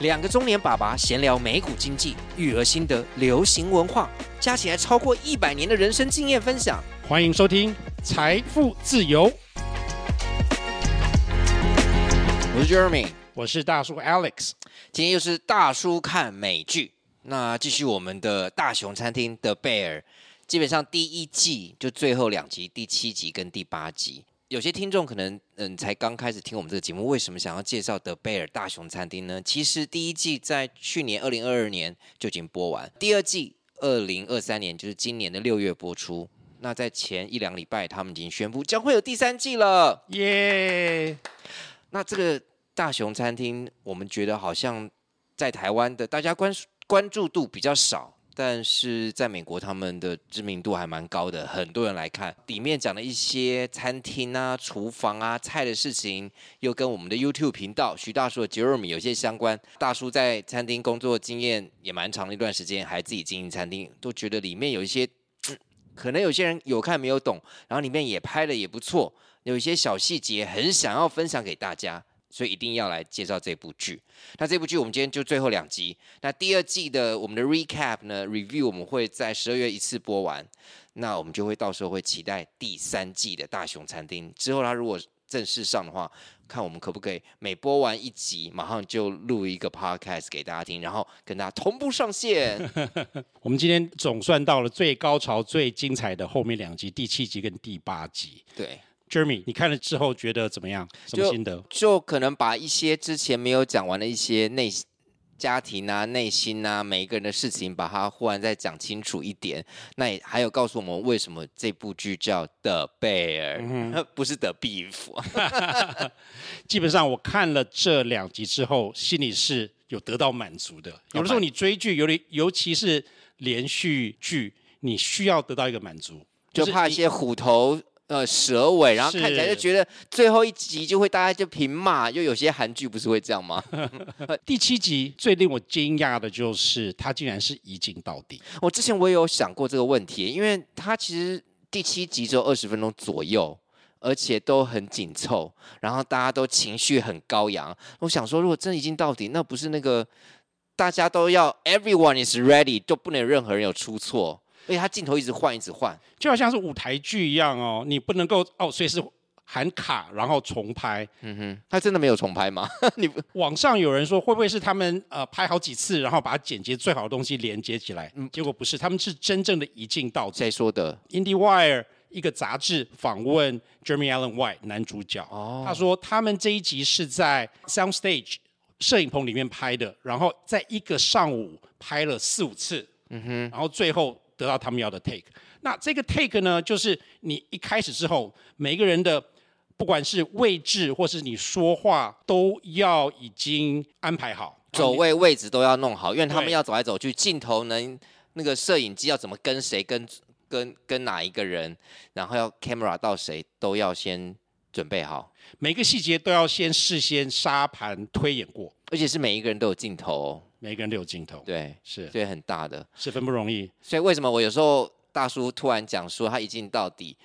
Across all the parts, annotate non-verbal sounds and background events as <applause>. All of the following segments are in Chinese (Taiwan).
兩個中年爸爸閒聊美股、經濟、育兒心得、流行文化，加起來超過一百年的人生經驗分享。歡迎收聽《財父自由》。我是 Jeremy，我是大叔 Alex。今天又是大叔看美劇。那繼續我們的《大熊餐廳》的 The Bear，基本上第一季就最後兩集，第七集跟第八集。有些聽眾可能嗯、呃、才剛開始聽我們這個節目，為什麼想要介紹 The Bear 大熊餐廳呢？其實第一季在去年二零二二年就已經播完，第二季二零二三年就是今年的六月播出。那在前一兩禮拜，他們已經宣布將會有第三季了耶！Yeah 那這個大熊餐廳，我們覺得好像在台灣的大家關關注度比較少。但是在美國，他們的知名度還蠻高的，很多人來看。裡面講了一些餐廳啊、廚房啊、菜的事情，又跟我們的 YouTube 頻道徐大叔和 Jeremy 有些相關。大叔在餐廳工作經驗也蠻長的一段時間，還自己經營餐廳，都覺得裡面有一些，可能有些人有看沒有懂。然後裡面也拍的也不錯，有一些小細節，很想要分享給大家。所以一定要來介紹這部劇。那這部劇我們今天就最後兩集。那第二季的我們的 recap 呢，review 我們會在十二月一次播完。那我們就會到時候會期待第三季的《大熊餐廳》之後，它如果正式上的話，看我們可不可以每播完一集，馬上就錄一個 podcast 給大家聽，然後跟大家同步上線。 <laughs> 我們今天總算到了最高潮、最精彩的後面兩集，第七集跟第八集。對。Jeremy，你看了之後覺得怎麼樣？什麼心得？就，就可能把一些之前沒有講完的一些內家庭啊、內心啊、每一個人的事情，把它忽然再講清楚一點。那也還有告訴我們為什麼這部劇叫《The Bear》，嗯哼，不是《The Beef》。 <laughs> <laughs> 基本上我看了這兩集之後，心裡是有得到滿足的。有的時候你追劇，尤的尤其是連續劇，你需要得到一個滿足，就怕一些虎頭。呃，蛇尾，然後看起來就覺得最後一集就會大家就平罵，又有些韓劇不是會這樣嗎？ <laughs> 第七集最令我驚訝的就是他竟然是一鏡到底。我、哦、之前我也有想過這個問題，因為他其實第七集只有二十分鐘左右，而且都很緊湊，然後大家都情緒很高揚。我想說，如果真的一鏡到底，那不是那個大家都要 everyone is ready，就不能任何人有出錯。所以他鏡頭一直換，一直換，就好像是舞台劇一樣哦。你不能夠哦，所以是喊卡，然後重拍。嗯哼，他真的沒有重拍嗎？ <laughs> 你不 網上有人說會不會是他們呃拍好幾次，然後把剪接最好的東西連接起來？嗯，結果不是，他們是真正的一鏡到底。再說的《Indie Wire》一個雜誌訪問 Jeremy、嗯、Allen White 男主角，哦、他說他們這一集是在 Sound Stage 攝影棚裡面拍的，然後在一個上午拍了四五次。嗯哼，然後最後。得到他們要的 take。那這個 take 呢，就是你一開始之後，每個人的不管是位置或是你說話，都要已經安排好，走位位置都要弄好，因為他們要走來走去，對鏡頭能那個攝影機要怎麼跟誰，跟跟跟哪一個人，然後要 camera 到誰，都要先準備好，每個細節都要先事先沙盤推演過，而且是每一個人都有鏡頭哦。每個人都有鏡頭，對，是，所以很大的，十分不容易。所以為什麼我有時候大叔突然講說他一鏡到底，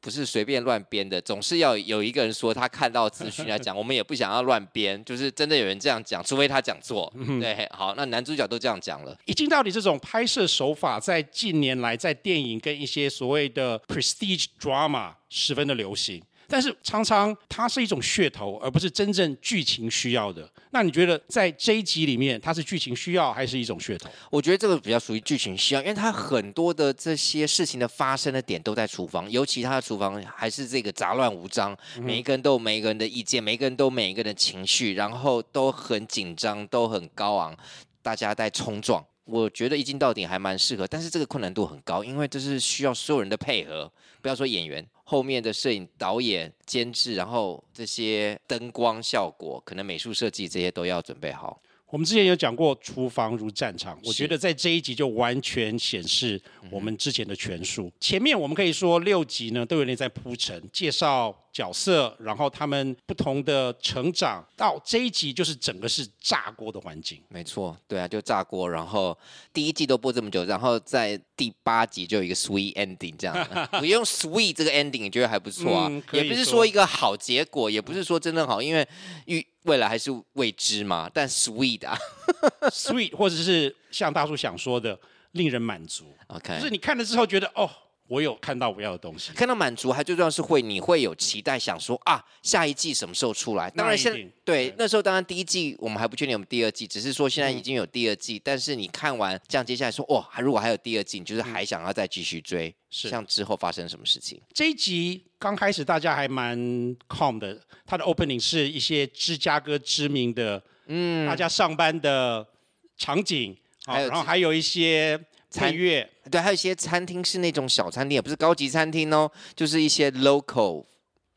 不是隨便亂編的，總是要有一個人說他看到資訊來講， <laughs> 我們也不想要亂編，就是真的有人這樣講，除非他講錯。嗯、哼對，好，那男主角都這樣講了，一鏡到底這種拍攝手法在近年來在電影跟一些所謂的 prestige drama 十分的流行。但是常常它是一種噱頭，而不是真正劇情需要的。那你覺得在這一集裡面，它是劇情需要還是一種噱頭？我覺得這個比較屬於劇情需要，因為它很多的這些事情的發生的點都在廚房，尤其他的廚房還是這個雜亂無章，每一個人都有每一個人的意見，每一個人都有每一個人的情緒，然後都很緊張，都很高昂，大家在衝撞。我覺得一鏡到底還蠻適合，但是這個困難度很高，因為這是需要所有人的配合，不要說演員。後面的攝影、導演、監製、然後這些燈光效果，可能美術設計這些都要準備好。我們之前有講過廚房如戰場，是我覺得在這一集就完全顯示我們之前的全書。嗯、哼前面我們可以說六集呢都有點在鋪陳、介紹角色，然後他們不同的成長。到這一集就是整個是炸鍋的環境。沒錯，對啊，就炸鍋。然後第一季都播這麼久，然後在第八集就有一個 sweet ending 這樣。 <laughs> 我用 sweet 這個 ending，你覺得還不錯啊，嗯、也不是說一個好結果，也不是說真的好，因為與未來還是未知嘛，但 sweet，啊 <laughs> sweet 或者是像大叔想說的，令人滿足。OK，就是你看了之後覺得哦。我有看到我要的東西，看到滿足，還最重要是會你會有期待，想說啊下一季什麼時候出來？當然現在那對，對那時候當然第一季我們還不確定，我們第二季只是說現在已經有第二季，嗯、但是你看完這樣，接下來說哦，如果還有第二季，你就是還想要再繼續追，嗯、像之後發生什麼事情？這一集剛開始大家還蠻 calm 的，它的 opening 是一些芝加哥知名的，嗯，大家上班的場景，好有、啊，然後還有一些。餐月對，還有一些餐廳是那種小餐廳，也不是高級餐廳哦，就是一些 local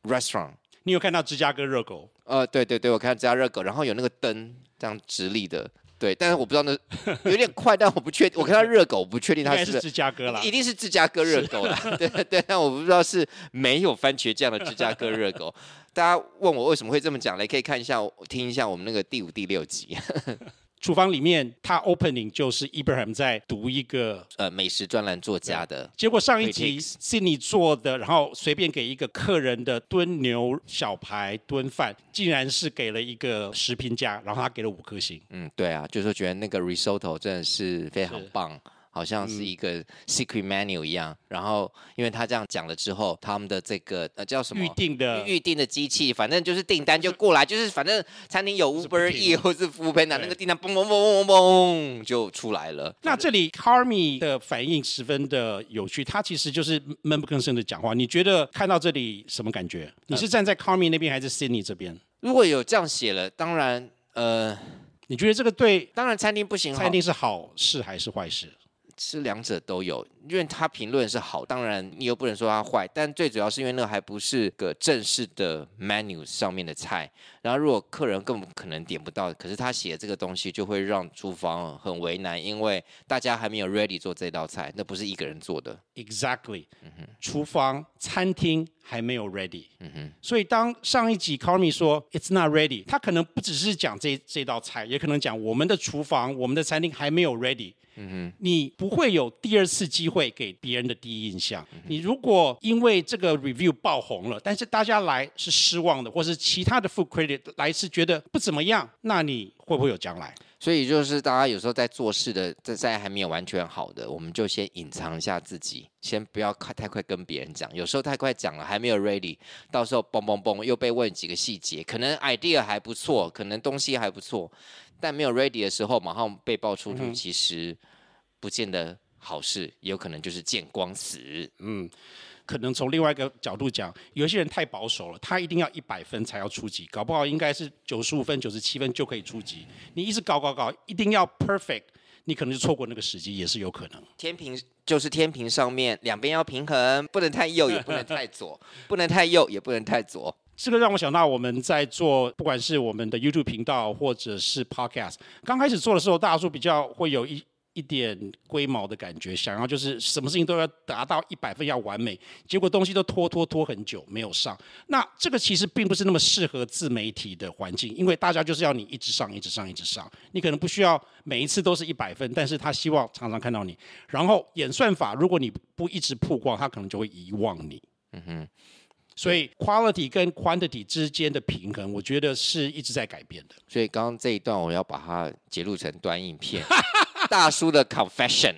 restaurant。你有看到芝加哥熱狗？呃，對對對，我看到芝加哥熱狗，然後有那個燈這樣直立的，對，但是我不知道那有點快， <laughs> 但我不確定。我看到熱狗，我不確定它是，是， <laughs> 是芝加哥啦，一定是芝加哥熱狗啦是 <laughs> 對對。但我不知道是沒有番茄醬的芝加哥熱狗。 <laughs> 大家問我為什麼會這麼講呢？可以看一下，我聽一下我們那個第五、第六集。 <laughs> 廚房裡面，他 opening 就是伊布拉姆在讀一個呃美食專欄作家的，結果上一集 Sydney 做的，然後隨便給一個客人的燉牛小排燉飯，竟然是給了一個食品家，然後他給了五顆星。嗯，對啊，就是覺得那個 risotto 真的是非常棒。好像是一個 secret menu 一樣，嗯、然後因為他這樣講了之後，他們的這個呃叫什麼預定的預定的機器，反正就是訂單就過來，就,就是反正餐廳有 Uber Eats 或是 foodpanda，對那個訂單嘣嘣嘣嘣嘣嘣就出來了。那這裡 Carmy 的反應十分的有趣，他其實就是悶不吭聲的講話。你覺得看到這裡什麼感覺？你是站在 Carmy 那邊還是 Sydney 這邊？呃、如果有這樣寫了，當然呃，你覺得這個對？當然餐廳不行，餐廳是好事還是壞事？是兩者都有。因為他評論是好，當然你又不能說他壞，但最主要是因為那還不是個正式的 menu 上面的菜，然後如果客人更不可能點不到，可是他寫這個東西就會讓廚房很為難，因為大家還沒有 ready 做這道菜，那不是一個人做的，exactly，、mm hmm. 廚房餐廳還沒有 ready，、mm hmm. 所以當上一集 Carmy 說 It's not ready，他可能不只是講這這道菜，也可能講我們的廚房我們的餐廳還沒有 ready，、mm hmm. 你不會有第二次機會。會給別人的第一印象。你如果因為這個 review 爆紅了，但是大家來是失望的，或是其他的 food credit 來是覺得不怎麼樣，那你會不會有將來？所以就是大家有時候在做事的，在在還沒有完全好的，我們就先隱藏一下自己，先不要太快跟別人講。有時候太快講了，還沒有 ready，到時候嘣嘣嘣又被問幾個細節，可能 idea 還不錯，可能東西還不錯，但沒有 ready 的時候馬上被爆出去，嗯哼，其實不見得。好事也有可能就是見光死。嗯，可能從另外一個角度講，有些人太保守了，他一定要一百分才要出級，搞不好應該是九十五分、九十七分就可以出級。你一直搞搞搞，一定要 perfect，你可能就錯過那個時機，也是有可能。天平就是天平上面兩邊要平衡，不能太右，也不能太左， <laughs> 不能太右，也不能太左。這個讓我想到我們在做，不管是我們的 YouTube 頻道或者是 Podcast，剛開始做的時候，大多數比較會有一。一點龜毛的感覺，想要就是什麼事情都要達到一百分，要完美，結果東西都拖拖拖很久沒有上。那這個其實並不是那麼適合自媒體的環境，因為大家就是要你一直上，一直上，一直上。你可能不需要每一次都是一百分，但是他希望常常看到你。然後演算法，如果你不一直曝光，他可能就會遺忘你。嗯哼。所以 quality 跟 quantity 之間的平衡，我覺得是一直在改變的。所以剛剛這一段，我要把它截錄成短影片。 <laughs> 大叔的 confession，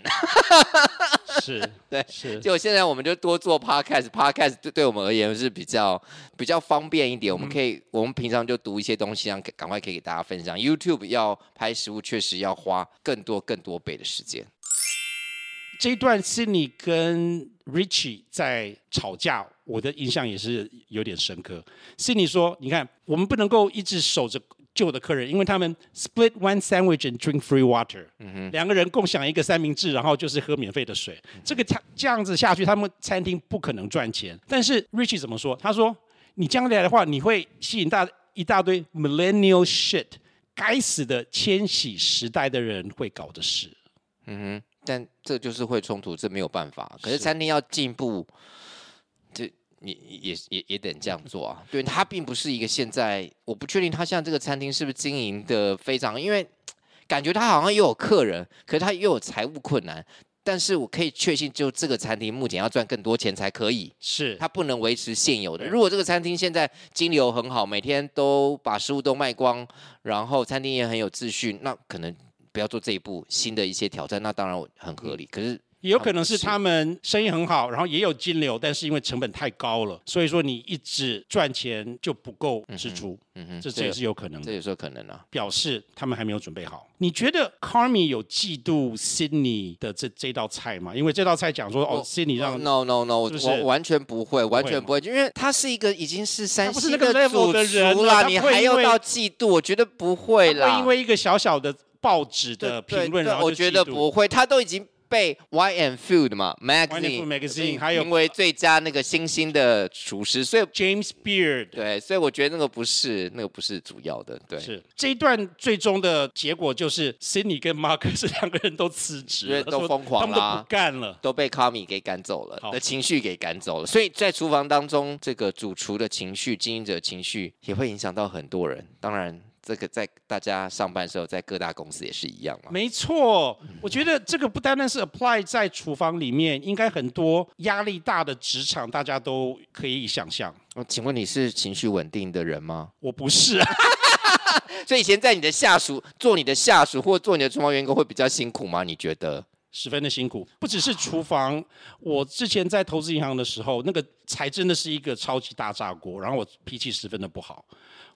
是對 <laughs> 是，就對是現在我們就多做 podcast，podcast 對對我們而言是比較比較方便一點，嗯、我們可以我們平常就讀一些東西，讓趕快可以給大家分享。YouTube 要拍食物，確實要花更多更多倍的時間。這一段 Sydney 跟 Richie 在吵架，我的印象也是有點深刻。Sydney 說：“你看，我們不能夠一直守着。”舊的客人，因為他們 split one sandwich and drink free water，嗯哼，兩個人共享一個三明治，然後就是喝免費的水。這個餐這樣子下去，他們餐廳不可能賺錢。但是 Richie 怎麼說？他說：“你將來的話，你會吸引大一大堆 millennial shit，該死的千禧時代的人會搞的事。”嗯哼，但這就是會衝突，這沒有辦法。可是餐廳要進步。你也也也得這樣做啊！對，他並不是一個現在，我不確定他現在這個餐廳是不是經營得非常，因為感覺他好像又有客人，可是他又有財務困難。但是我可以確信，就這個餐廳目前要賺更多錢才可以，是，他不能維持現有的。如果這個餐廳現在金流很好，每天都把食物都賣光，然後餐廳也很有秩序，那可能不要做這一步，新的一些挑戰，那當然很合理。嗯。可是。有可能是他們生意很好，然後也有金流，但是因為成本太高了，所以說你一直賺錢就不夠支出，這這也是有可能，這也是有可能的。表示他們還沒有準備好。你覺得 Carmy 有嫉妒 Sydney 的這這道菜嗎？因為這道菜講說 Sydney 讓 No No No。我完全不會，完全不會，因為他是一個已經是三星的人了，你還要到嫉妒，我覺得不會啦，因為一個小小的報紙的評論，然後我覺得不會，他都已經。被 YN Food 嘛，Magazine 因為最佳那個新興的廚師，所以 James Beard，對，所以我覺得那個不是，那個不是主要的。對。是這一段最終的結果就是 Sydney 跟 Marcus 兩個人都辭職了，都瘋狂了，他們都不幹了，都被 Carmy 給趕走了，好的情緒給趕走了。所以在廚房當中，這個主廚的情緒、經營者的情緒也會影響到很多人，當然。這個在大家上班時候，在各大公司也是一樣嘛。沒錯，我覺得這個不單單是 apply 在廚房裡面，應該很多壓力大的職場，大家都可以想象。哦，請問你是情緒穩定的人嗎？我不是啊。 <laughs> 所以，以，以前在你的下屬做你的下屬，或做你的廚房員工會比較辛苦嗎？你覺得？十分的辛苦，不只是廚房。 <laughs> 我之前在投資銀行的時候，那個才真的是一個超級大炸鍋，然後我脾氣十分的不好。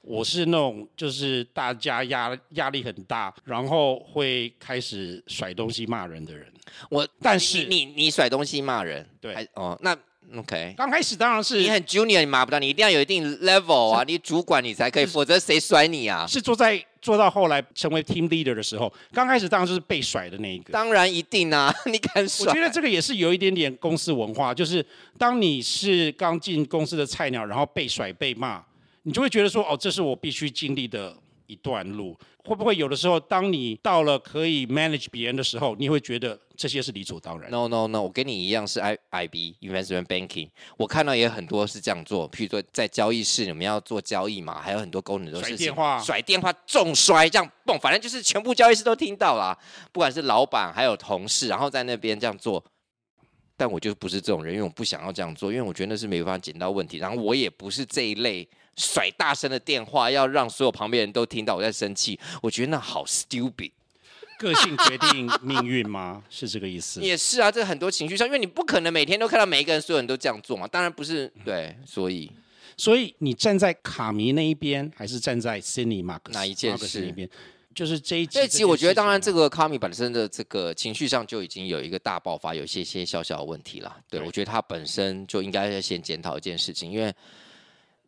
我是那種就是大家壓壓力很大，然後會開始甩東西罵人的人。我但是你你，你甩東西罵人，對哦，那 OK。剛開始當然是你很 junior，你罵不到，你一定要有一定 level 啊，是你主管你才可以，就是、否則誰甩你啊？是坐在做到後來成為 team leader 的時候，剛開始當然就是被甩的那一個。當然一定啊，你敢甩？我覺得這個也是有一點點公司文化，就是當你是剛進公司的菜鳥，然後被甩被罵。你就會覺得說，哦，這是我必須經歷的一段路。會不會有的時候，當你到了可以 manage 別人的時候，你會覺得這些是理所當然？No，No，No，no, no. 我跟你一樣是 I I B Investment Banking，我看到也很多是這樣做。譬如說在交易室，裡面要做交易嘛，還有很多功能的事情，甩電話，甩電話，重摔這樣蹦，反正就是全部交易室都聽到了，不管是老闆還有同事，然後在那邊這樣做。但我就不是這種人，因為我不想要這樣做，因為我覺得那是沒辦法撿到問題。然後我也不是這一類。甩大聲的電話，要讓所有旁邊人都聽到我在生氣。我覺得那好 stupid。個性決定命運嗎？ <laughs> 是這個意思？也是啊，這很多情緒上，因為你不可能每天都看到每一個人，所有人都這樣做嘛。當然不是，對，所以，嗯、所以你站在卡米那一邊，還是站在 Cinemax 那一件事裡邊？Ax, 就是這一集這集，我覺得當然這個卡米本身的這個情緒上就已經有一個大爆發，有些些小小的問題了。對、嗯、我覺得他本身就應該要先檢討一件事情，因為。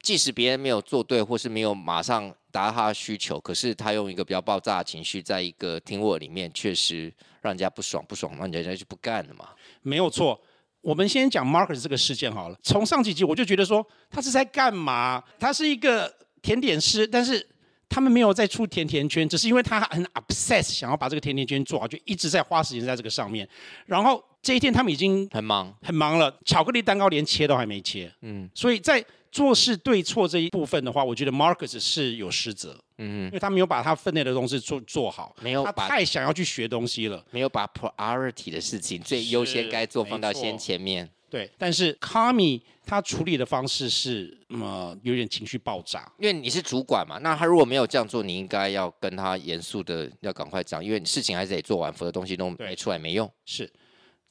即使別人沒有做對，或是沒有馬上達到他的需求，可是他用一個比較爆炸的情緒，在一個 teamwork 裡面，確實讓人家不爽不爽，那人家就不幹了嘛。沒有錯，我們先講 Marcus 這個事件好了。從上幾集我就覺得說，他是在幹嘛？他是一個甜點師，但是他們沒有在出甜甜圈，只是因為他很 obsessed，想要把這個甜甜圈做好，就一直在花時間在這個上面。然後這一天他們已經很忙很忙了，巧克力蛋糕連切都還沒切。嗯，所以在做事對錯這一部分的話，我覺得 Marcus 是有失責，嗯，因為他沒有把他分內的東西做做好，沒有把，他太想要去學東西了，沒有把 priority 的事情、嗯、最優先該做放到先前面，錯對。但是 Carmy 他處理的方式是，呃、嗯，有點情緒爆炸，因為你是主管嘛，那他如果沒有這樣做，你應該要跟他嚴肅的要趕快講，因為你事情還是得做完，否則的東西都沒出來對沒用。是，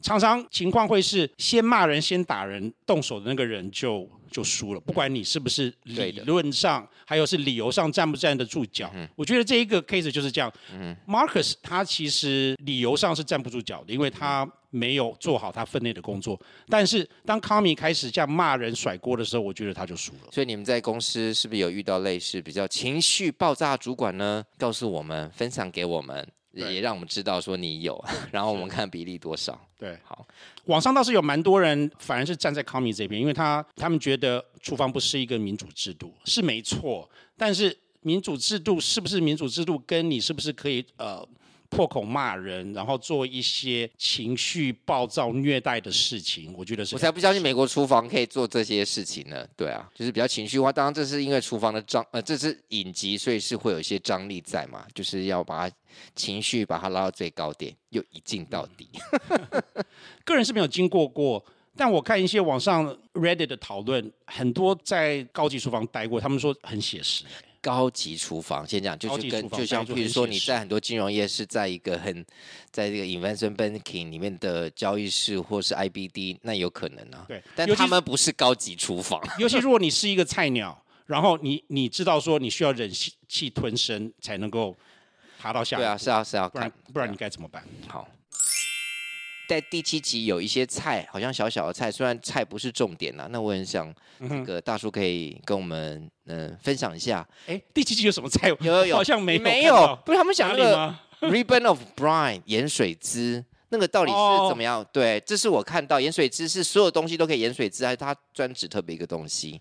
常常情況會是先罵人，先打人，動手的那個人就。就輸了，不管你是不是理論上，嗯、還有是理由上站不站得住腳。嗯、我覺得這一個 case 就是這樣。嗯、Marcus 他其實理由上是站不住腳的，因為他沒有做好他分內的工作。嗯、但是當 Carmy 開始這樣罵人甩鍋的時候，我覺得他就輸了。所以你們在公司是不是有遇到類似比較情緒爆炸主管呢？告訴我們，分享給我們。也讓我們知道說你有。對然後我們看比例多少？對，好對，網上倒是有蠻多人反而是站在康米這邊，因為他他們覺得廚房不是一個民主制度，是沒錯。但是民主制度是不是民主制度，跟你是不是可以呃？破口罵人，然後做一些情緒暴躁、虐待的事情，我覺得是。我才不相信美國廚房可以做這些事情呢。對啊，就是比較情緒化。當然，這是因為廚房的張，呃，這是影集，所以是會有一些張力在嘛。就是要把情緒把它拉到最高點，又一鏡到底。嗯、 <laughs> 個人是沒有經過過，但我看一些網上 Reddit 的討論，很多在高級廚房待過，他們說很寫實。高級廚房先講，就是跟就像，比如說你在很多金融業是在一個很在這個 investment banking 裡面的交易室，或是 I B D，那有可能啊。對，但他們其不是高級廚房。尤其如果你是一個菜鳥， <laughs> 然後你你知道說你需要忍氣吞聲才能夠爬到下面。對啊，是啊，是啊，不然，看不然你該怎麼辦？好。在第七集有一些菜，好像小小的菜，雖然菜不是重點吶，那我很想那個大叔可以跟我們嗯、呃、分享一下。誒、欸，第七集有什麼菜？有有有，有好像沒有沒有，不是他們想要那個 ribbon of brine 鹽水汁那個到底是怎麼樣？Oh. 對，這是我看到鹽水汁是所有東西都可以鹽水汁，還是它專指特別一個東西？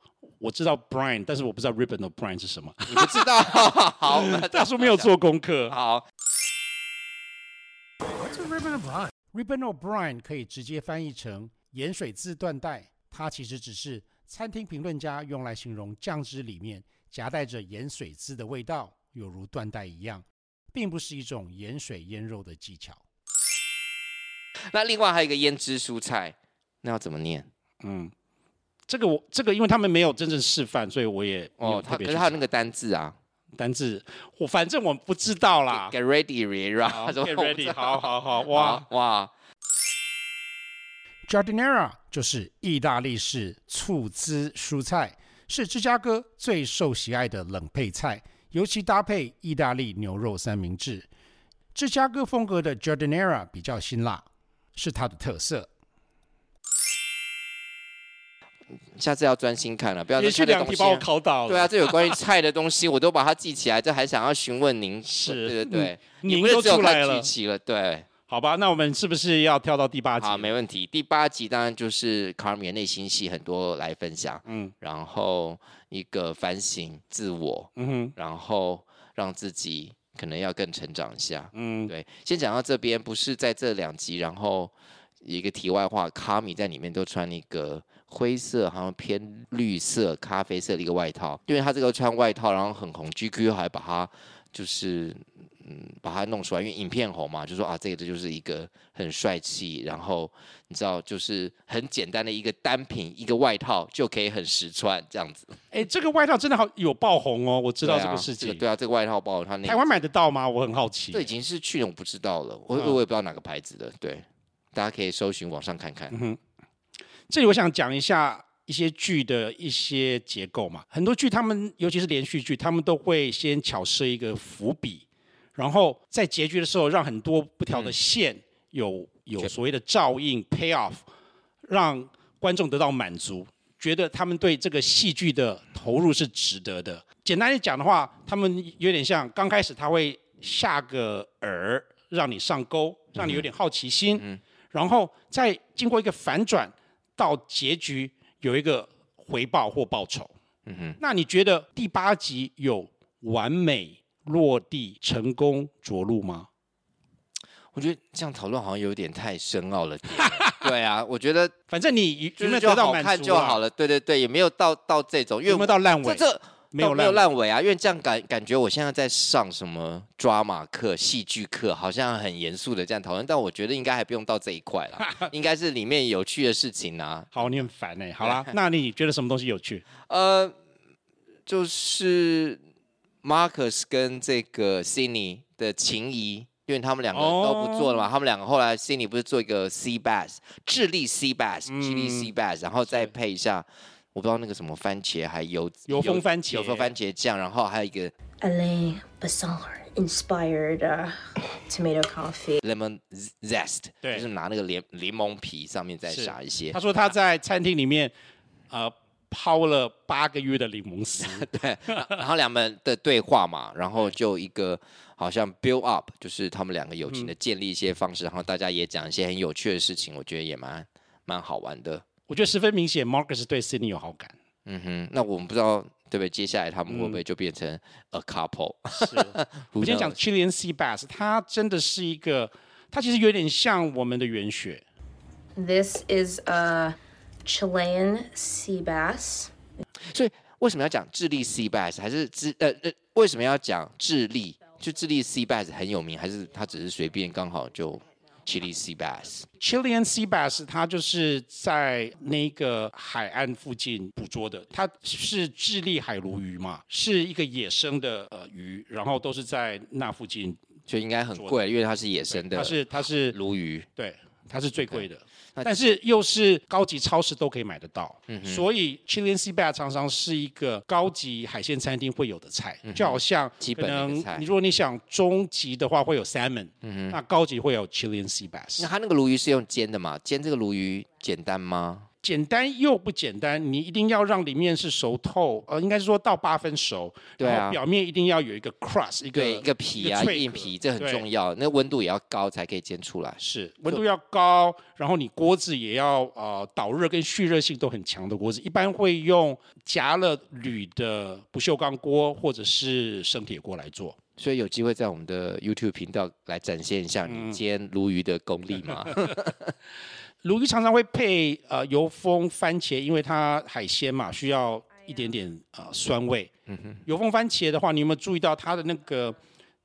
我知道 brine，但是我不知道 ribbon of brine 是什麼。我知道，好， <laughs> <laughs> <laughs> 大叔沒有做功課。 <noise> 好，ribbon of brine 可以直接翻譯成鹽水漬斷帶。它其實只是餐廳評論家用來形容醬汁裡面夾帶着鹽水漬的味道，有如斷帶一樣，並不是一種鹽水醃肉的技巧。那另外還有一個醃制蔬菜，那要怎麼念？嗯。這個我這個，因為他們沒有真正示範，所以我也哦，他可是他那個單字啊，單字，我反正我不知道啦。Get ready, ready, r a Get ready，好好好，哇哇好。Giardiniera 就是意大利式醋汁蔬菜，是芝加哥最受喜愛的冷配菜，尤其搭配意大利牛肉三明治。芝加哥風格的 Giardiniera 比較辛辣，是它的特色。下次要專心看了，不要再去兩題把我考倒。對啊，這有關於菜的東西， <laughs> 我都把它記起來，這還想要詢問您。是，對對對，你們您都出來了。了，對，好吧，那我們是不是要跳到第八集？好，沒問題，第八集當然就是卡米的內心戲很多來分享。嗯，然後一個反省自我，嗯、哼然後讓自己可能要更成長一下。嗯，對，先講到這邊，不是在這兩集，然後一個題外話，卡米在裡面都穿一個，灰色好像偏綠色、咖啡色的一個外套，因為他這個穿外套，然後很紅，GQ 還把它就是嗯把它弄出來，因為影片紅嘛，就說啊這個這就是一個很帥氣，然後你知道就是很簡單的一個單品，一個外套就可以很實穿這樣子。哎、欸，這個外套真的好有爆紅哦，我知道、啊、這個事情。這個對啊，這個外套爆紅它，台灣買得到嗎？我很好奇。這已經是去年，我不知道了，我我也不知道哪個牌子的。嗯、對，大家可以搜尋網上看看。嗯這裡我想講一下一些劇的一些結構嘛，很多劇他們尤其是連續劇，他們都會先巧設一個伏筆，然後在結局的時候讓很多不調的線有有所謂的照應 pay off，讓觀眾得到滿足，覺得他們對這個戲劇的投入是值得的。簡單一講的話，他們有點像剛開始他會下個餌讓你上鈎，讓你有點好奇心，然後再經過一個反轉。到結局有一個回報或報酬，嗯哼。那你覺得第八集有完美落地成功着陸嗎？我覺得這樣討論好像有點太深奧了。 <laughs> 對啊，我覺得反正你覺得是有沒有得到滿足、啊、好看就好了。對對對，也沒有到到這種，因為有沒有到爛尾這，這。沒有沒爛尾啊，因為這樣感感覺我現在在上什麼抓馬課、戲劇課，好像很嚴肅的這樣討論，但我覺得應該還不用到這一塊了， <laughs> 應該是裡面有趣的事情啊。好，你很煩呢、欸？好了，對那你覺得什麼東西有趣？呃，就是 Marcus 跟這個 Cini 的情誼，因為他們兩個都不做了嘛，哦、他們兩個後來 Cini 不是做一個 Sea Bass，智力 Sea Bass，嗯、智力 Sea Bass，然後再配一下。我不知道那個什麼番茄，還有油油番茄，油封番茄醬，然後還有一個 lemon bazaar inspired、uh, tomato confit，lemon zest，對，就是拿那個檸檸檬皮上面再撒一些。他說他在餐廳裡面，啊、呃，泡了八個月的檸檬絲。 <laughs> 對，然後兩人的對話嘛， <laughs> 然後就一個好像 build up，就是他們兩個友情的建立一些方式，嗯、然後大家也講一些很有趣的事情，我覺得也蠻蠻好玩的。我覺得十分明顯，Marcus 是對 Sydney 有好感。嗯哼，那我們不知道對不對？接下來他們會不會就變成 a couple？我今天講 Chilean sea bass，它真的是一個，它其實有點像我們的圓鱈。This is a Chilean sea bass。所以為什麼要講智利 sea bass？還是智呃呃，為什麼要講智利？就智利 sea bass 很有名，還是它只是隨便剛好就？Chile Sea Bass，Chilean Sea Bass，它就是在那個海岸附近捕捉的，它是智利海鱸魚嘛，是一個野生的呃魚，然後都是在那附近，就應該很貴，因為它是野生的鱸魚，它是它是鱸魚，對，它是最貴的。那但是又是高級超市都可以買得到，嗯、哼所以 Chilean sea bass 常常是一個高級海鮮餐廳會有的菜，嗯、哼就好像基本你如果你想中級的話會有 salmon，嗯、哼那高級會有 Chilean sea bass。那它那個鱸魚是用煎的嗎？煎這個鱸魚簡單嗎？簡單又不簡單，你一定要讓裡面是熟透，呃，應該是說到八分熟，對啊，表面一定要有一個 crust，一個一個皮啊一個 track，硬皮，這很重要。對那溫度也要高才可以煎出來。是溫度要高，然後你鍋子也要呃導熱跟蓄熱性都很強的鍋子，一般會用夾了鋁的不鏽鋼鍋或者是生鐵鍋來做。所以有機會在我們的 YouTube 頻道來展現一下你煎鱸魚的功力嘛？嗯 <laughs> 鱸魚常常會配呃油封番茄，因為它海鮮嘛，需要一點點呃酸味嗯。嗯哼。油封番茄的話，你有沒有注意到它的那個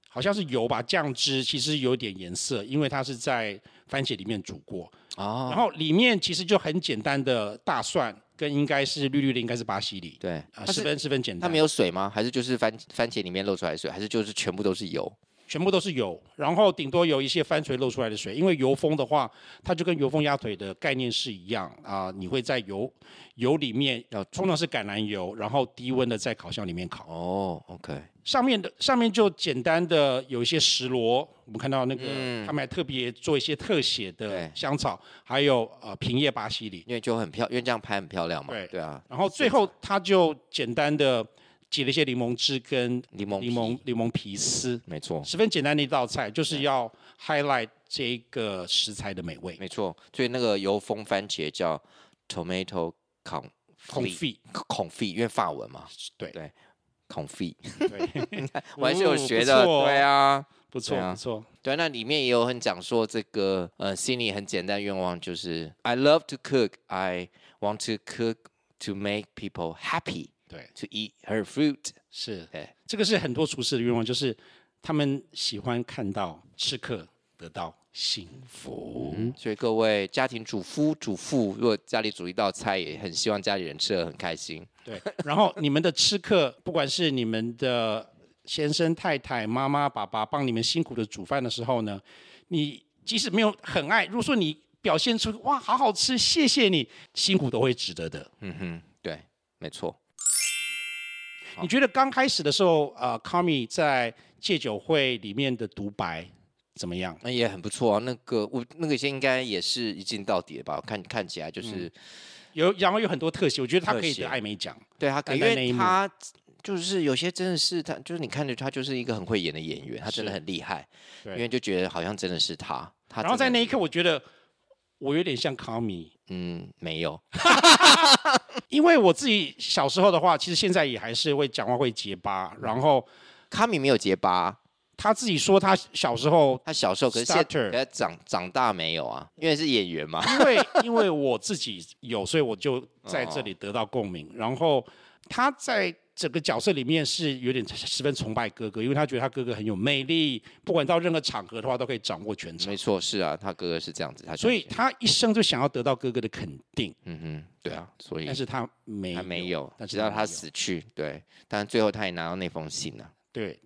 好像是油吧？醬汁其實有點顏色，因為它是在番茄裡面煮過。哦。然後裡面其實就很簡單的大蒜，跟應該是綠綠的，應該是巴西里。對。十分、呃、它是十分簡單。它沒有水嗎？還是就是番番茄裡面漏出來的水？還是就是全部都是油？全部都是油，然後頂多有一些番茄露出來的水，因為油封的話，它就跟油封鴨腿的概念是一樣啊、呃。你會在油油裡面，呃，通常是橄欖油，然後低溫的在烤箱裡面烤。哦，OK。上面的上面就簡單的有一些蒔蘿，我們看到那個，嗯、他們還特別做一些特寫的香草，對還有呃平葉巴西里，因為就很漂，因為這樣拍很漂亮嘛。對，對啊。然後最後他就簡單的。擠了一些檸檬汁跟檸檬檸檬檸檬皮絲，沒錯，十分簡單的一道菜，就是要 highlight 這一個食材的美味。沒錯，所以那個油封番茄叫 tomato confit，confit，因為法文嘛，對對，confit，對，我還是有學的，對啊，不錯不錯，對，那裡面也有很講說這個呃心裡很簡單願望就是 I love to cook, I want to cook to make people happy。對，to eat her food 是，對這個是很多廚師的願望，就是他們喜歡看到吃客得到幸福。嗯、所以各位家庭主夫主婦，如果家裡煮一道菜，也很希望家裡人吃得很開心。對，然後你們的吃客， <laughs> 不管是你們的先生、太太、媽媽、爸爸，幫你們辛苦的煮飯的時候呢，你即使沒有很愛，如果說你表現出哇，好好吃，謝謝你，辛苦都會值得的。嗯哼，對，沒錯。你覺得剛開始的時候，呃，卡米在戒酒會裡面的獨白怎麼樣？那也很不錯、啊。那個我那個應該也是一鏡到底了吧？看看起來就是、嗯、有，然後有很多特寫。我覺得他可以得艾美獎，色對他，因為那一他就是有些真的是他，就是你看着他就是一個很會演的演員，他真的很厲害。對，因為就覺得好像真的是他。他然後在那一刻，我覺得我有點像卡米。嗯，沒有。 <laughs> 因為我自己小時候的話，其實現在也還是會講話會結巴。嗯、然後卡米沒有結巴、啊，他自己說他小時候，他小時候可是現在長 Star ter, 長大沒有啊，因為是演員嘛。因為 <laughs> 因為我自己有，所以我就在這裡得到共鳴。哦、然後他在。整個角色裡面是有點十分崇拜哥哥，因為他覺得他哥哥很有魅力，不管到任何場合的話都可以掌握全場。沒錯，是啊，他哥哥是這樣子，他所以，他一生就想要得到哥哥的肯定。嗯哼，對啊，所以，但是他沒，他沒有，直到他死去，對，但最後他也拿到那封信了。對，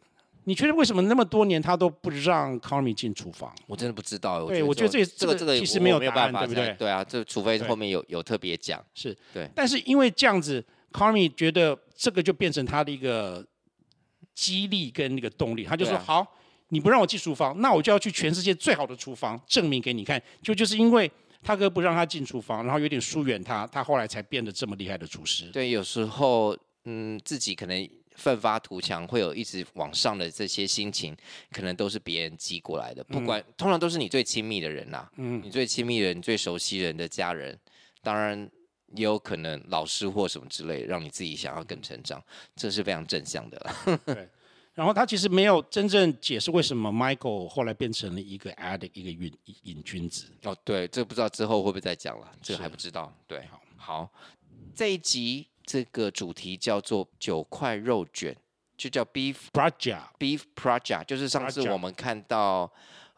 你覺得為什麼那麼多年他都不讓 Carmy 進廚房？我真的不知道，對我覺得這個這個其實沒有辦法，對不對？對啊，這除非後面有有特別講，是對，但是因為這樣子 Carmy 覺得。這個就變成他的一個激勵跟那個動力，他就說：“對啊、好，你不讓我進廚房，那我就要去全世界最好的廚房，證明給你看。”就就是因為他哥不讓他進廚房，然後有點疏遠他，他後來才變得這麼厲害的廚師。對，有時候，嗯，自己可能奮發圖強，會有一直往上的這些心情，可能都是別人激過來的。不管、嗯、通常都是你最親密的人吶、啊，嗯，你最親密的人、你最熟悉人的家人，當然。也有可能老師或什麼之類，讓你自己想要更成長，這是非常正向的。 <laughs> 然後他其實沒有真正解釋為什麼 Michael 後來變成了一個 addict，一個癮癮君子。哦，對，這不知道之後會不會再講了，這個還不知道。是對，好。好，這一集這個主題叫做九塊肉卷，就叫 Beef Praja, Beef Praja，就是上次我們看到。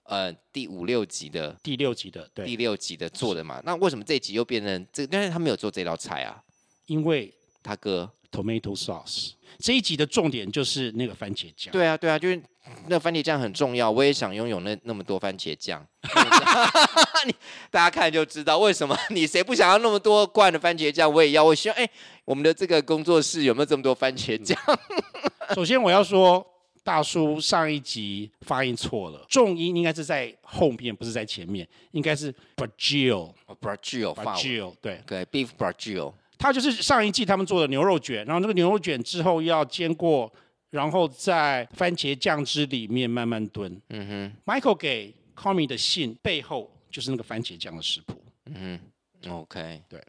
呃，第五六集的第六集的對第六集的做的嘛，那為什麼這集又變成這？但是他沒有做這道菜啊，因為他哥 tomato sauce 這一集的重點就是那個番茄醬，對啊對啊，就是那番茄醬很重要。我也想擁有那那麼多番茄醬， <laughs> <laughs> 你大家看就知道為什麼。你誰不想要那麼多罐的番茄醬？我也要，我希望哎，我們的這個工作室有沒有這麼多番茄醬？嗯、 <laughs> 首先我要說。大叔上一集發音錯了，重音應該是在後面，不是在前面，應該是、oh, braciole，braciole，braciole，ug ug 對，對、okay，beef braciole，它就是上一季他們做的牛肉卷，然後那個牛肉卷之後要煎過，然後在番茄醬汁裡面慢慢燉。嗯哼，Michael 給 Carmy 的信背後就是那個番茄醬的食譜。嗯哼，OK，對，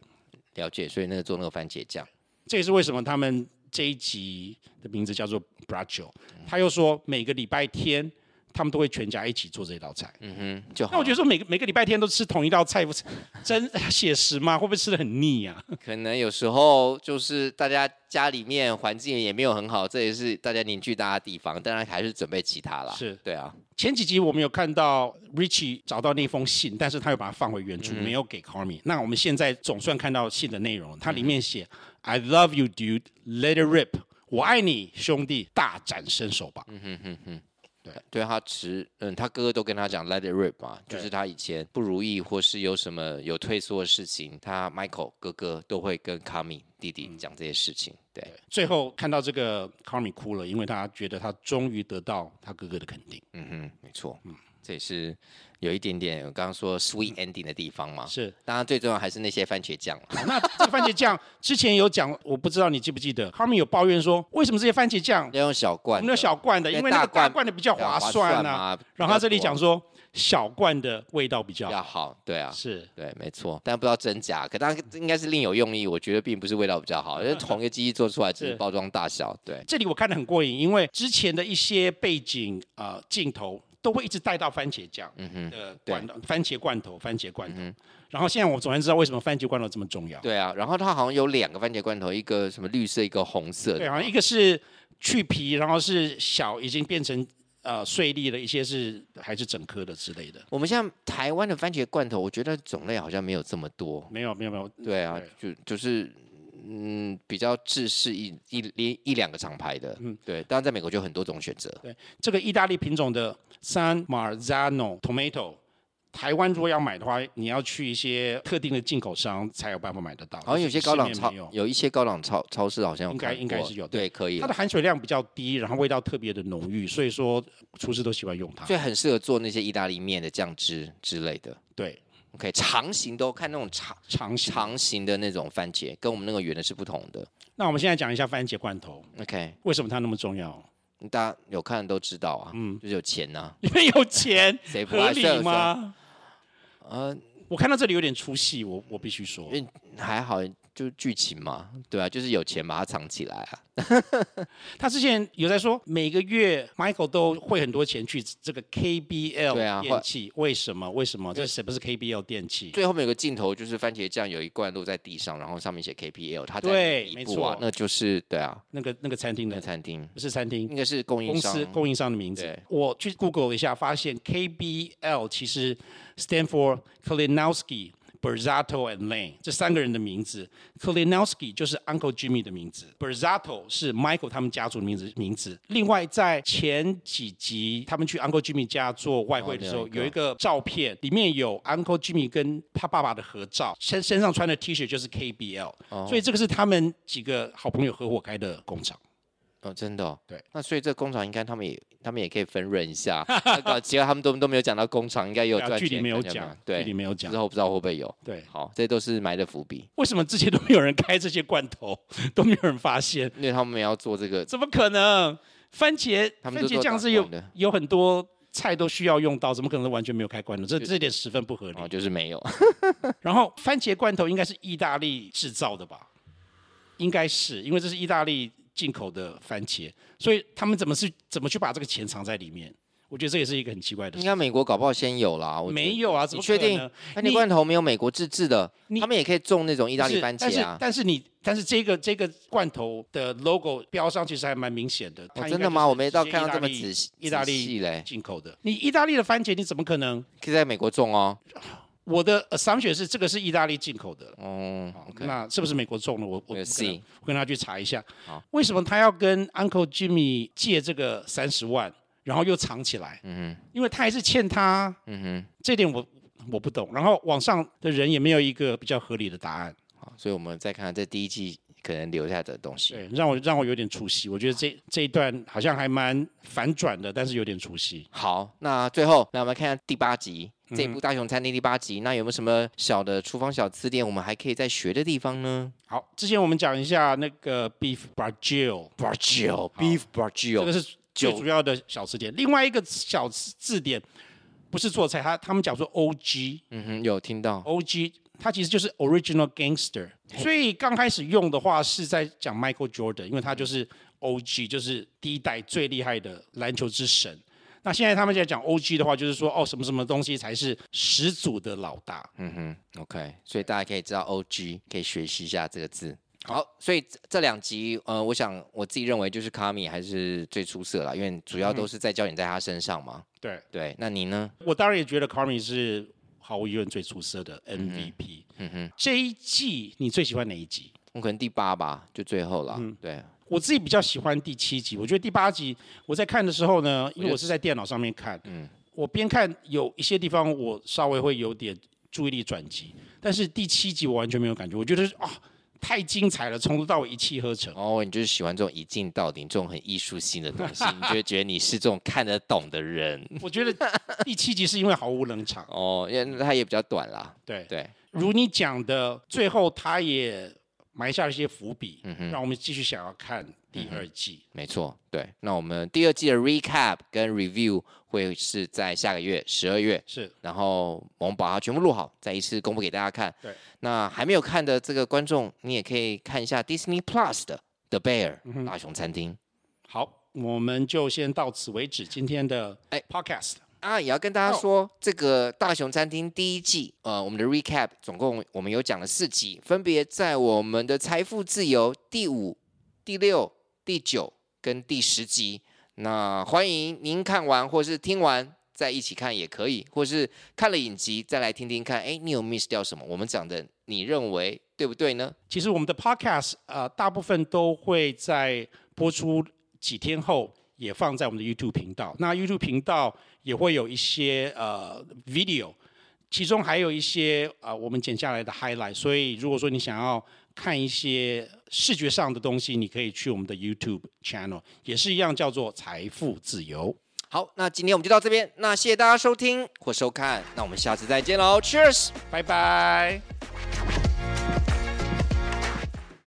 了解，所以那個做那個番茄醬，這也是為什麼他們。這一集的名字叫做 Braciole，他又說每個禮拜天他們都會全家一起做這道菜。嗯哼，那我覺得說每個每個禮拜天都吃同一道菜，不是 <laughs> 真寫實嗎？會不會吃的很膩啊？可能有時候就是大家家裡面環境也沒有很好，這也是大家凝聚大家的地方，當然還是準備其他啦。是對啊。前幾集我們有看到 Richie 找到那封信，但是他又把它放回原處，嗯、哼沒有給 Carmy。那我們現在總算看到信的內容，它裡面寫。嗯 I love you, dude. Let it rip. 我愛你，兄弟，大展身手吧。嗯哼哼哼，對，對他，只嗯，他哥哥都跟他講 Let it rip 嘛，對就是他以前不如意或是有什麼有退縮的事情，他 Michael 哥哥都會跟 Carmy 弟弟講這些事情。嗯、對，對最後看到這個 Carmy 哭了，因為他覺得他終於得到他哥哥的肯定。嗯哼，沒錯，嗯。這也是有一點點我剛剛說 sweet ending 的地方嘛。是，當然最重要還是那些番茄醬。那番茄醬之前有講，我不知道你記不記得，他們有抱怨說為什麼這些番茄醬要用小罐？我們小罐的，因為那個大罐的比較划算啊。然後他這裡講說小罐的味道比較比較好，對啊，是對，沒錯。但不知道真假，可他應該是另有用意。我覺得並不是味道比較好，因為同一個機器做出來只是包裝大小。對，這裡我看得很過癮，因為之前的一些背景啊鏡頭。都會一直帶到番茄醬，嗯哼，呃，罐頭番茄罐頭，番茄罐頭。嗯、哼然後現在我總算知道為什麼番茄罐頭這麼重要。對啊，然後它好像有兩個番茄罐頭，一個什麼綠色，一個紅色。對啊，一個是去皮，然後是小，已經變成呃碎粒的一些是還是整顆的之類的。我們像台灣的番茄罐頭，我覺得種類好像沒有這麼多。沒有，沒有，沒有。對啊，對就就是。嗯，比較制式一一連一兩個廠牌的，嗯，對。當然，在美國就很多種選擇。對，這個意大利品種的 San Marzano tomato，台灣如果要買的話，你要去一些特定的進口商才有辦法買得到。好像有些高檔超，有一些高檔超超市好像有，應該應該是有對，對，可以。它的含水量比較低，然後味道特別的濃郁，所以說廚師都喜歡用它，所以很適合做那些意大利面的醬汁之類的。對。OK，長形都看那種長長長形的那種番茄，跟我們那個圓的是不同的。那我們現在講一下番茄罐頭。OK，為什麼它那麼重要？大家有看人都知道啊，嗯，就是有錢吶、啊，因為有錢，誰不愛，合理嗎？呃，我看到這裡有點出戲，我我必須說，因為還好。就是劇情嘛，對啊，就是有錢把它藏起來啊。 <laughs> 他之前有在說，每個月 Michael 都會很多錢去這個 KBL 電器，對啊、為什麼？為什麼？對這是不是 KBL 電器？最後面有個鏡頭，就是番茄醬有一罐落在地上，然後上面寫 KPL，他在、啊、對，沒錯，那就是對啊，那個那個餐廳的餐廳不是餐廳，應該是供應商公司供應商的名字。對我去 Google 一下，發現 KBL 其實 stand for Kalinowski。Berzatto and Lane 這三個人的名字，Kalinowski 就是 Uncle Jimmy 的名字，Berzatto 是 Michael 他們家族的名字名字。另外，在前幾集他們去 Uncle Jimmy 家做外匯的時候，哦、一有一個照片裡面有 Uncle Jimmy 跟他爸爸的合照，身身上穿的 T 恤就是 KBL，、哦、所以這個是他們幾個好朋友合夥開的工廠。哦，真的、哦，對，那所以這工廠應該他們也。他們也可以分潤一下，結果 <laughs> 他，他們都都沒有講到工廠應該也有賺錢。對，啊、具體沒有講，之後不知道會不會有。對，好，這都是埋的伏筆。為什麼之前都沒有人開這些罐頭，都沒有人發現？因為他們要做這個。怎麼可能？番茄他們番茄醬是有有很多菜都需要用到，怎麼可能完全沒有開罐呢？這就這點十分不合理。哦，就是沒有。 <laughs> 然後番茄罐頭應該是意大利制造的吧？應該是，因為這是意大利。進口的番茄，所以他們怎麼是怎麼去把這個錢藏在裡面？我覺得這也是一個很奇怪的事。應該美國搞不好先有啦，我沒有啊？怎麼你確定？那你、啊、你罐頭沒有美國自制的，你他們也可以種那種意大利番茄啊。是但,是但是你，但是這個這個罐頭的 logo 標上其實還蠻明顯的、哦。真的嗎？我沒到看到這麼仔細，意大利進口的。你意大利的番茄你怎麼可能可以在美國種哦？我的 assumption、um、是這個是意大利進口的哦，oh, okay. 那是不是美國種的？我我跟我跟他去查一下。好，為什麼他要跟 Uncle Jimmy 借這個三十萬，然後又藏起來？嗯哼，因為他還是欠他。嗯哼，這點我我不懂。然後網上的人也沒有一個比較合理的答案。好，所以我們再看看這第一季。可能留下的東西，對，讓我讓我有點出戲。我覺得這好這一段好像還蠻反轉的，但是有點出戲。好，那最後讓我們來看第八集這部《大熊餐廳》第八集。八集嗯、哼那有沒有什麼小的廚房小詞典，我們還可以再學的地方呢？好，之前我們講一下那個 be beef braciole braciole beef braciole，這個是最主要的小詞典。有另外一個小字典不是做菜，他他們講說 og，嗯哼，有聽到 og。它其實就是 original gangster，所以剛開始用的話是在講 Michael Jordan，因為他就是 OG，就是第一代最厲害的籃球之神。那現在他們在講 OG 的話，就是說哦，什麼什麼東西才是始祖的老大。嗯哼，OK，所以大家可以知道 OG，可以學習一下這個字。好，好，所以這兩集，呃，我想我自己認為就是 Carmy 還是最出色啦，因為主要都是在焦點在他身上嘛。對、嗯、對，那你呢？我當然也覺得 Carmy 是。毫無疑問最出色的 MVP。嗯、哼，這一季你最喜歡哪一集？我、嗯、可能第八吧，就最後了。嗯、對，我自己比較喜歡第七集。我覺得第八集我在看的時候呢，因為我是在電腦上面看，嗯，我邊看有一些地方我稍微會有點注意力轉機。嗯、但是第七集我完全沒有感覺。我覺得啊。太精彩了，從頭到尾一氣呵成。哦，oh, 你就是喜歡這種一鏡到底、這種很藝術性的東西， <laughs> 你就會覺得你是這種看得懂的人。 <laughs> 我覺得第七集是因為毫無冷場。哦，oh, 因為它也比較短啦。對對，對嗯、如你講的，最後他也埋下了一些伏筆，嗯、哼讓我們繼續想要看。嗯、第二季，沒錯，對，那我們第二季的 recap 跟 review 會是在下個月十二月，是，然後我們把它全部錄好，再一次公布給大家看。對，那還沒有看的這個觀眾，你也可以看一下 Disney Plus 的 The Bear、嗯、哼大熊餐廳。好，我們就先到此為止今天的 pod 哎 podcast。啊，也要跟大家說，oh. 這個大熊餐廳第一季，呃，我們的 recap 總共我們有講了四集，分別在我們的財父自由第五、第六。第九跟第十集，那歡迎您看完或是聽完再一起看也可以，或是看了影集再來聽聽看，哎，你有 miss 掉什麼？我們講的你認為對不對呢？其實我們的 podcast 呃，大部分都會在播出幾天後也放在我們的 YouTube 頻道，那 YouTube 頻道也會有一些呃 video，其中還有一些啊、呃、我們剪下來的 highlight，所以如果說你想要。看一些視覺上的東西，你可以去我們的 YouTube channel，也是一樣叫做財父自由。好，那今天我們就到這邊，那謝謝大家收聽或收看，那我們下次再見嘍，Cheers，拜拜。